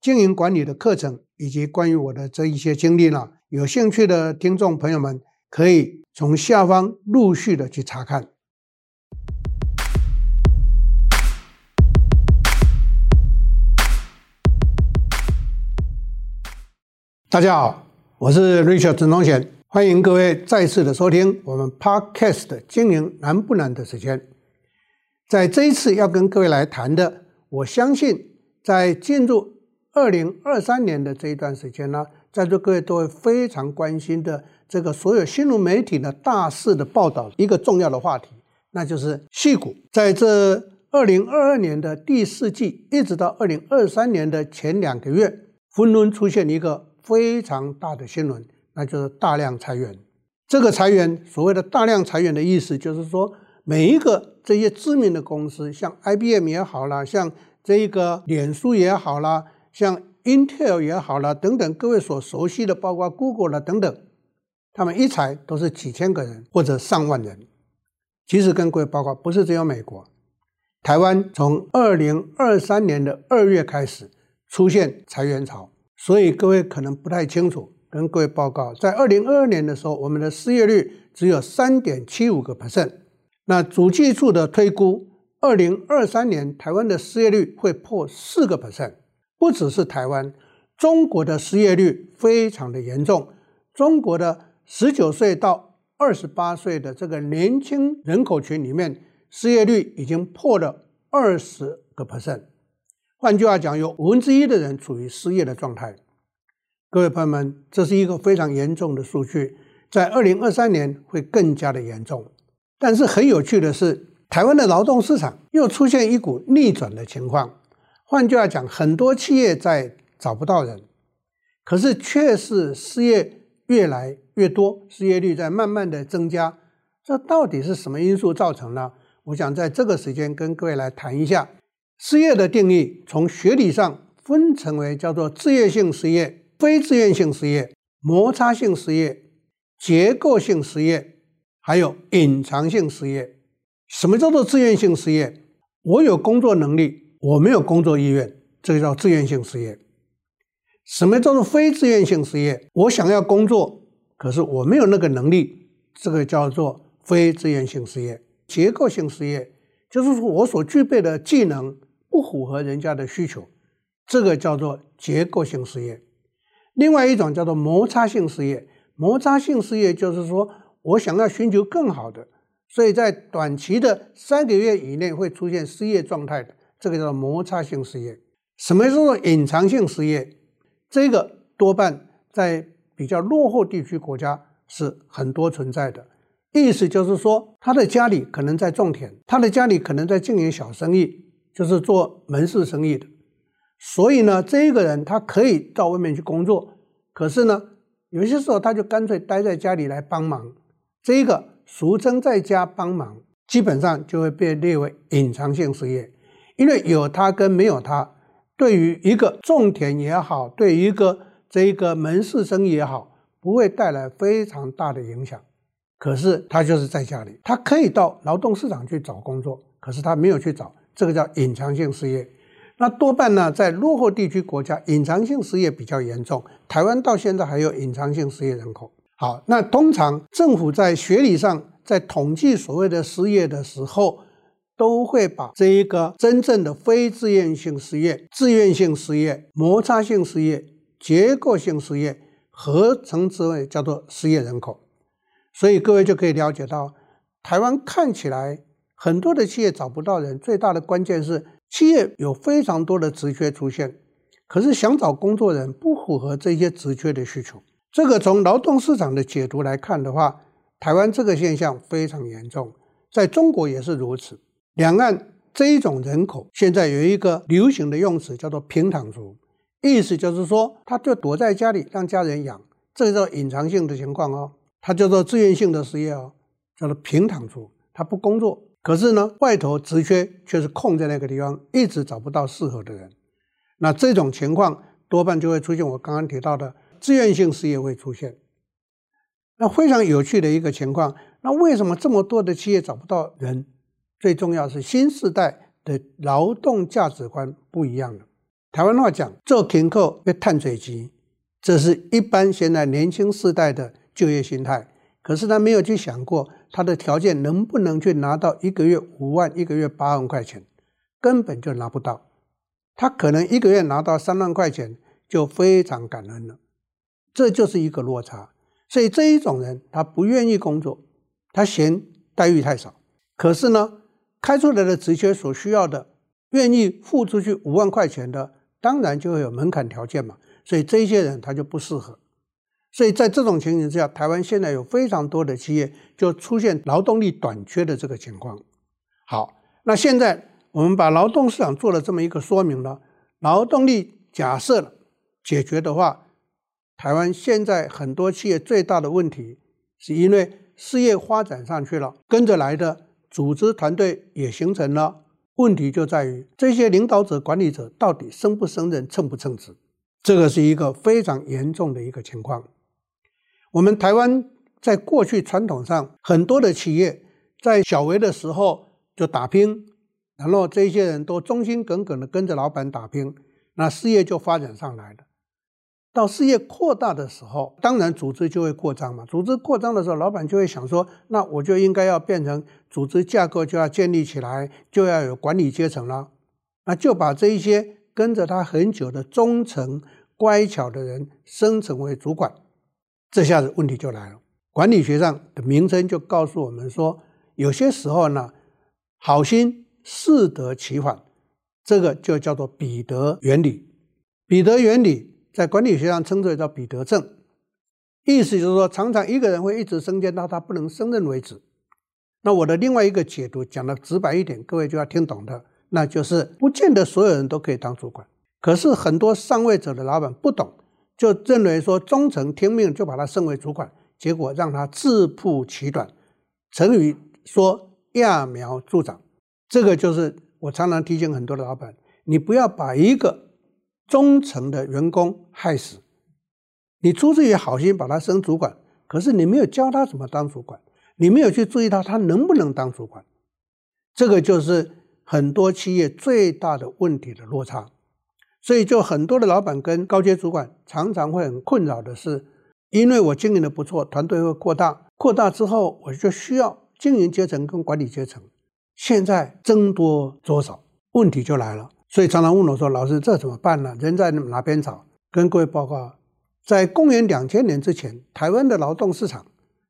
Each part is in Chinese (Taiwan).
經營管理的課程，以及關於我的這一些經歷呢、啊？有興趣的聽眾朋友們，可以從下方陸續的去查看。大家好，我是 Richard 陳宗賢，歡迎各位再次的收聽我們 Podcast《經營難不難》的時間。在這一次要跟各位來談的，我相信在進入二零二三年的這一段時間呢，在座各位都會非常關心的，這個所有新聞媒體的大肆的報道一個重要的話題，那就是矽谷。在這二零二二年的第四季，一直到二零二三年的前兩個月，紛紛出現一個非常大的新聞，那就是大量裁員。這個裁員，所謂的大量裁員的意思，就是說每一個這些知名的公司，像 IBM 也好啦，像這一個臉書也好啦。像 Intel 也好了，等等，各位所熟悉的，包括 Google 了等等，他們一裁都是幾千個人或者上萬人。其實跟各位報告，不是只有美國，台灣從二零二三年的二月開始出現裁員潮，所以各位可能不太清楚。跟各位報告，在二零二二年的時候，我們的失業率只有三點七五個 percent，那主計處的推估，二零二三年台灣的失業率會破四個 percent。不只是台灣，中國的失業率非常的嚴重。中國的十九歲到二十八歲的這個年輕人口群裡面，失業率已經破了二十個 percent。換句話講，有五分之一的人處於失業的狀態。各位朋友們，這是一個非常嚴重的數據，在二零二三年會更加的嚴重。但是很有趣的是，台灣的勞動市場又出現一股逆轉的情況。換句話講，很多企業在找不到人，可是卻是失業越來越多，失業率在慢慢的增加。這到底是什麼因素造成呢？我想在這個時間跟各位來談一下。失業的定義從學理上分成為叫做自願性失業、非自願性失業、摩擦性失業、結構性失業，還有隱藏性失業。什麼叫做自願性失業？我有工作能力。我沒有工作意願，這個叫自願性失業。什麼叫做非自願性失業？我想要工作，可是我沒有那個能力，這個叫做非自願性失業。結構性失業就是說我所具備的技能不符合人家的需求，這個叫做結構性失業。另外一種叫做摩擦性失業。摩擦性失業就是說，我想要尋求更好的，所以在短期的三個月以內會出現失業狀態的。這個叫摩擦性失業。什麼叫做隱藏性失業？這個多半在比較落後地區國家是很多存在的。意思就是說，他的家裡可能在種田，他的家裡可能在經營小生意，就是做門市生意的。所以呢，這個人他可以到外面去工作，可是呢，有些時候他就乾脆待在家裡來幫忙。這個俗稱在家幫忙，基本上就會被列為隱藏性失業。因為有他跟沒有他，對於一個種田也好，對於一個這一個門市生意也好，不會帶來非常大的影響。可是他就是在家裡，他可以到勞動市場去找工作，可是他沒有去找，這個叫隱藏性失業。那多半呢，在落後地區國家，隱藏性失業比較嚴重，台灣到現在還有隱藏性失業人口。好，那通常政府在學理上，在統計所謂的失業的時候，都會把這一個真正的非自願性失業、自願性失業、摩擦性失業、結構性失業合成之為叫做失業人口，所以各位就可以了解到，台灣看起來很多的企業找不到人，最大的關鍵是企業有非常多的職缺出現，可是想找工作人不符合這些職缺的需求。這個從勞動市場的解讀來看的話，台灣這個現象非常嚴重，在中國也是如此。兩岸這一種人口，現在有一個流行的用詞叫做“平躺族”，意思就是說，他就躲在家裡，讓家人養，這叫隱藏性的情況哦。他叫做自願性的失業哦，叫做平躺族，他不工作，可是呢，外頭職缺卻是空在那個地方，一直找不到適合的人。那這種情況多半就會出現我剛剛提到的自願性失業會出現。那非常有趣的一個情況，那為什麼這麼多的企業找不到人？最重要是新世代的勞動價值觀不一樣了。台灣話講，做田客變碳水機，這是一般現在年輕世代的就業心態。可是他沒有去想過，他的條件能不能去拿到一個月五萬、一個月八萬塊錢，根本就拿不到。他可能一個月拿到三萬塊錢就非常感恩了，這就是一個落差。所以這一種人他不願意工作，他嫌待遇太少。可是呢？開出來的職缺所需要的，願意付出去五萬塊錢的，當然就會有門檻條件嘛。所以這些人他就不適合。所以在這種情形之下，台灣現在有非常多的企業就出現勞動力短缺的這個情況。好，那現在我們把勞動市場做了這麼一個說明了，勞動力假設了解決的話，台灣現在很多企業最大的問題是因為事業發展上去了，跟着來的。組織團隊也形成了，問題就在於這些領導者、管理者，到底勝不勝任、稱不稱職，這個是一個非常嚴重的一個情況。我們台灣在過去傳統上，很多的企業在小微的時候就打拼，然後這些人都忠心耿耿地跟着老板打拼，那事業就發展上來了。到事業擴大的時候，當然組織就會擴張嘛。組織擴張的時候，老板就會想說，那我就應該要變成組織架構就要建立起來，就要有管理階層了。那就把這一些跟着他很久的忠誠、乖巧的人升成為主管。這下子問題就來了，管理學上的名稱就告訴我們說，有些時候呢，好心適得其反，這個就叫做彼得原理。彼得原理。在管理學上稱之為叫彼得症，意思就是說，常常一個人會一直升遷到他不能勝任為止。那我的另外一個解讀講的直白一點，各位就要聽懂的，那就是不見得所有人都可以當主管。可是很多上位者的老闆不懂，就認為說忠誠聽命就把他升為主管，結果讓他自曝其短。成語說揠苗助長，這個就是我常常提醒很多的老闆，你不要把一個。忠誠的員工害死你，出自於好心把他升主管，可是你沒有教他怎麼當主管，你沒有去注意他，他能不能當主管？這個就是很多企業最大的問題的落差，所以就很多的老闆跟高階主管常常會很困擾的是，因為我經營的不錯，團隊會擴大，擴大之後我就需要經營階層跟管理階層，現在僧多粥少，問題就來了。所以常常問我說：“老師，這怎麼辦呢？人在哪邊找？”跟各位報告，在公元兩千年之前，台灣的勞動市場，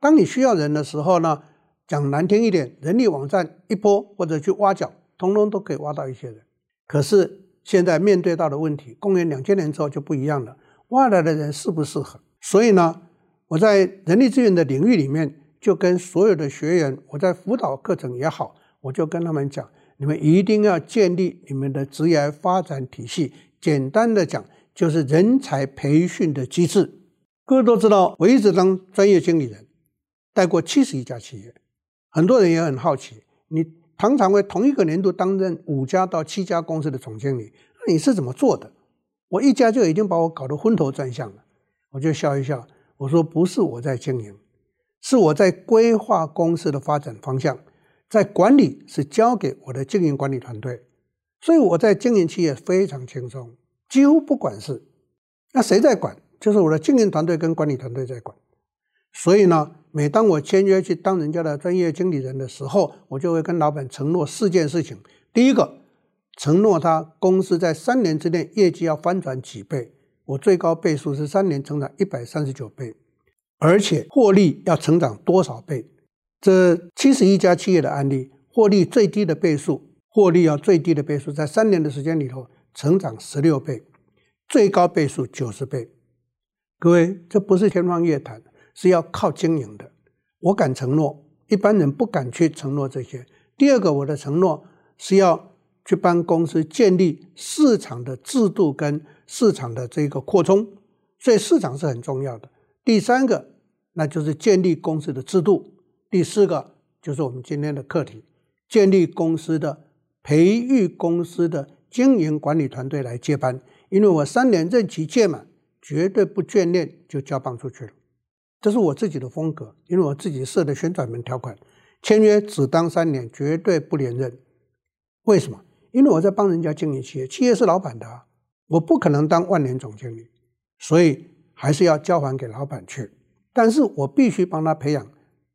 當你需要人的時候呢，講難聽一點，人力網站一波或者去挖角，通通都可以挖到一些人。可是現在面對到的問題，公元兩千年之後就不一樣了，挖來的人適不適合？所以呢，我在人力資源的領域裡面，就跟所有的學員，我在輔導課程也好，我就跟他們講。你們一定要建立你們的職業發展體系。簡單的講，就是人才培訓的機制。各位都知道，我一直當專業經理人，帶過七十一家企業。很多人也很好奇，你常常為同一個年度擔任五家到七家公司的總經理，那你是怎麼做的？我一家就已經把我搞得昏頭轉向了。我就笑一笑，我說：“不是我在經營，是我在規劃公司的發展方向。”在管理是交給我的經營管理團隊，所以我在經營企業非常輕鬆，幾乎不管事。那誰在管？就是我的經營團隊跟管理團隊在管。所以呢，每當我簽約去當人家的專業經理人的時候，我就會跟老闆承諾四件事情：第一個，承諾他公司在三年之內業績要翻轉幾倍，我最高倍數是三年成長一百三十九倍，而且獲利要成長多少倍。這七十一家企業的案例，獲利最低的倍數，獲利要最低的倍數，在三年的時間裡頭成長十六倍，最高倍數九十倍。各位，這不是天方夜譚，是要靠經營的。我敢承諾，一般人不敢去承諾這些。第二個，我的承諾是要去幫公司建立市場的制度跟市場的這個擴充，所以市場是很重要的。第三個，那就是建立公司的制度。第四個就是我們今天的課題，建立公司的、培育公司的經營管理團隊來接班。因為我三年任期屆滿，絕對不眷戀就交棒出去了，這是我自己的風格。因為我自己設的旋轉門條款，簽約只當三年，絕對不連任。為什麼？因為我在幫人家經營企業，企業是老闆的啊，我不可能當萬年總經理，所以還是要交還給老闆去。但是我必須幫他培養。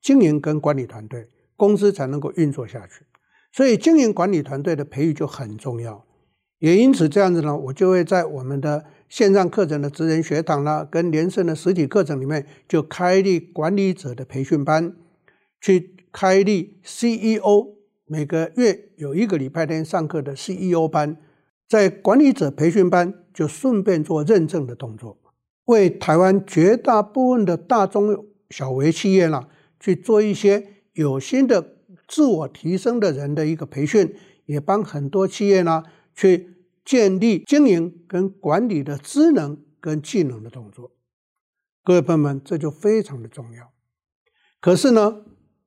經營跟管理團隊，公司才能夠運作下去。所以，經營管理團隊的培育就很重要。也因此，這樣子呢，我就會在我們的線上課程的職人學堂啦，跟連勝的實體課程裡面，就開立管理者的培訓班，去開立 CEO 每個月有一個禮拜天上課的 CEO 班。在管理者培訓班，就順便做認證的動作，為台灣絕大部分的大中小微企業啦。去做一些有心的自我提升的人的一個培訓，也幫很多企業呢，去建立經營跟管理的職能跟技能的動作。各位朋友們，這就非常的重要。可是呢，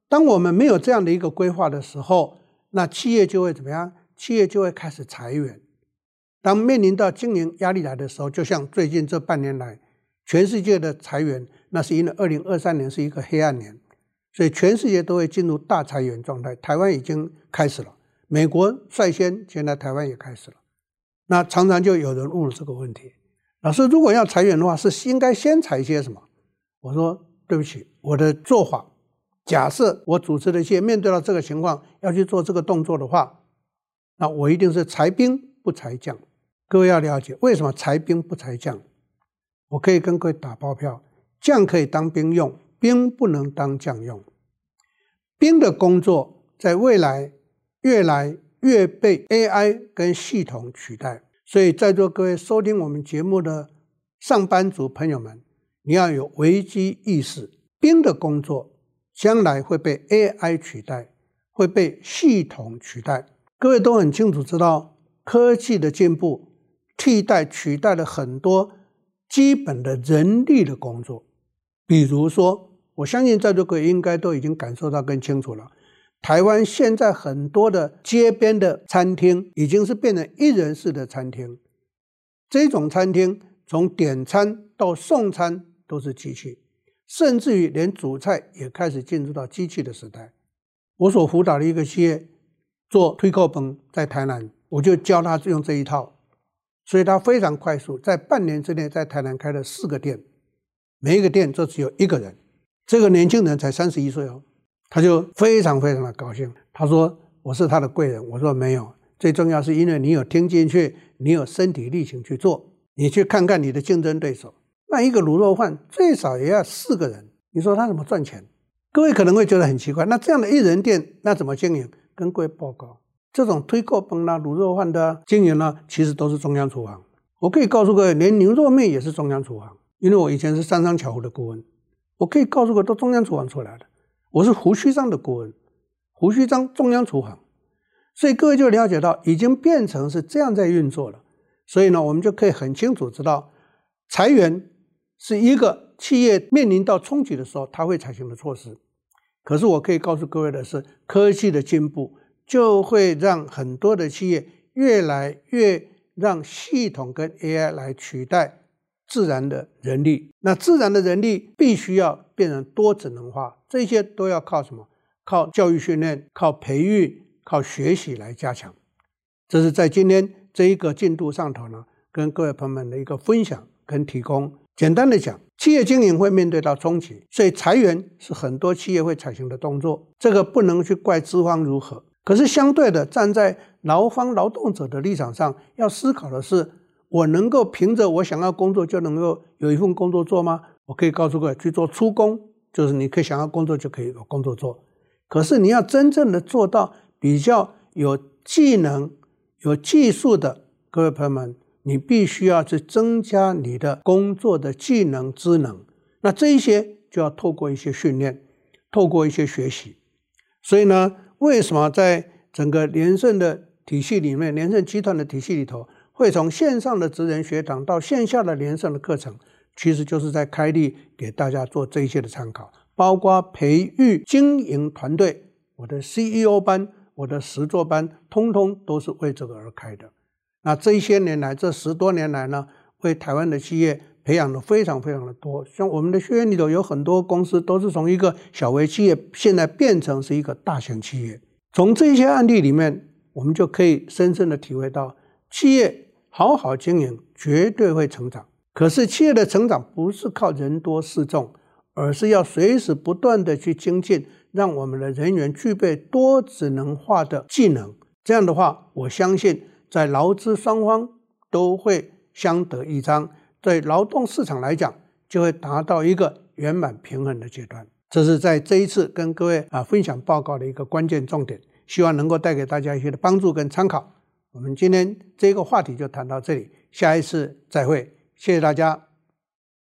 當我們沒有這樣的一個規劃的時候，那企業就會怎麼樣？企業就會開始裁員。當面臨到經營壓力來的時候，就像最近這半年來，全世界的裁員，那是因為二零二三年是一個黑暗年。所以全世界都會進入大裁員狀態，台灣已經開始了，美國率先，現在台灣也開始了。那常常就有人問這個問題：老師，如果要裁員的話，是應該先裁一些什麼？我說對不起，我的做法，假設我主持的企業，面對到這個情況，要去做這個動作的話，那我一定是裁兵不裁將。各位要了解為什麼裁兵不裁將？我可以跟各位打包票，將可以當兵用。兵不能當將用，兵的工作在未來越來越被 AI 跟系統取代，所以在座各位收聽我們節目的上班族朋友們，你要有危機意識。兵的工作將來會被 AI 取代，會被系統取代。各位都很清楚知道，科技的進步替代取代了很多基本的人力的工作，比如說。我相信在座各位應該都已經感受到更清楚了。台灣現在很多的街邊的餐廳已經是變成一人式的餐廳，這種餐廳從點餐到送餐都是機器，甚至於連主菜也開始進入到機器的時代。我所輔導的一個企業做推客本在台南，我就教他用這一套，所以他非常快速，在半年之內在台南開了四個店，每一個店就只有一個人。這個年輕人才三十一歲哦，他就非常非常的高興。他說：“我是他的貴人。”我說：“沒有，最重要是因為你有聽進去，你有身體力行去做。你去看看你的競爭對手，那一個滷肉飯最少也要四個人，你說他怎麼賺錢？各位可能會覺得很奇怪，那這樣的一人店那怎麼經營？跟各位報告，這種推扣崩啦、滷肉飯的、啊、經營呢、啊，其實都是中央廚房。我可以告訴各位，連牛肉麵也是中央廚房，因為我以前是三商巧福的顧問。”我可以告訴各位，都中央廚房出來的，我是胡鬚章的顧問，胡鬚章中央廚房，所以各位就了解到，已經變成是這樣在運作了。所以呢，我們就可以很清楚知道，裁員是一個企業面臨到衝擊的時候，它會採取的措施。可是我可以告訴各位的是，科技的進步就會讓很多的企業越來越讓系統跟 AI 來取代。自然的人力，那自然的人力必須要變成多職能化，這些都要靠什麼？靠教育訓練，靠培育，靠學習來加強。這是在今天這一個進度上頭呢，跟各位朋友們的一個分享跟提供。簡單的講，企業經營會面對到衝擊，所以裁員是很多企業會採取的動作。這個不能去怪資方如何，可是相對的，站在勞方勞動者的立場上，要思考的是。我能夠憑着我想要工作就能夠有一份工作做嗎？我可以告訴各位，去做粗工，就是你可以想要工作就可以有工作做。可是你要真正的做到比較有技能、有技術的各位朋友們，你必須要去增加你的工作的技能、職能。那這些就要透過一些訓練，透過一些學習。所以呢，為什麼在整個聯聖的體系裡面，聯聖集團的體系裡頭，會從線上的職人學堂到線下的連上的課程，其實就是在開立給大家做這些的參考，包括培育經營團隊，我的 CEO 班、我的實作班，通通都是為這個而開的。那這一些年來，這十多年來呢，為台灣的企業培養的非常非常的多，像我們的學員裡頭有很多公司都是從一個小微企業，現在變成是一個大型企業。從這些案例裡面，我們就可以深深地體會到企業。好好經營，絕對會成長。可是企業的成長不是靠人多勢眾，而是要隨時不斷地去精進，讓我們的人員具備多職能化的技能。這樣的話，我相信在勞資雙方都會相得益彰，對勞動市場來講，就會達到一個圓滿平衡的階段。這是在這一次跟各位啊分享報告的一個關鍵重點，希望能夠帶給大家一些的幫助跟參考。我們今天這個話題就談到這裡，下一次再會，謝謝大家。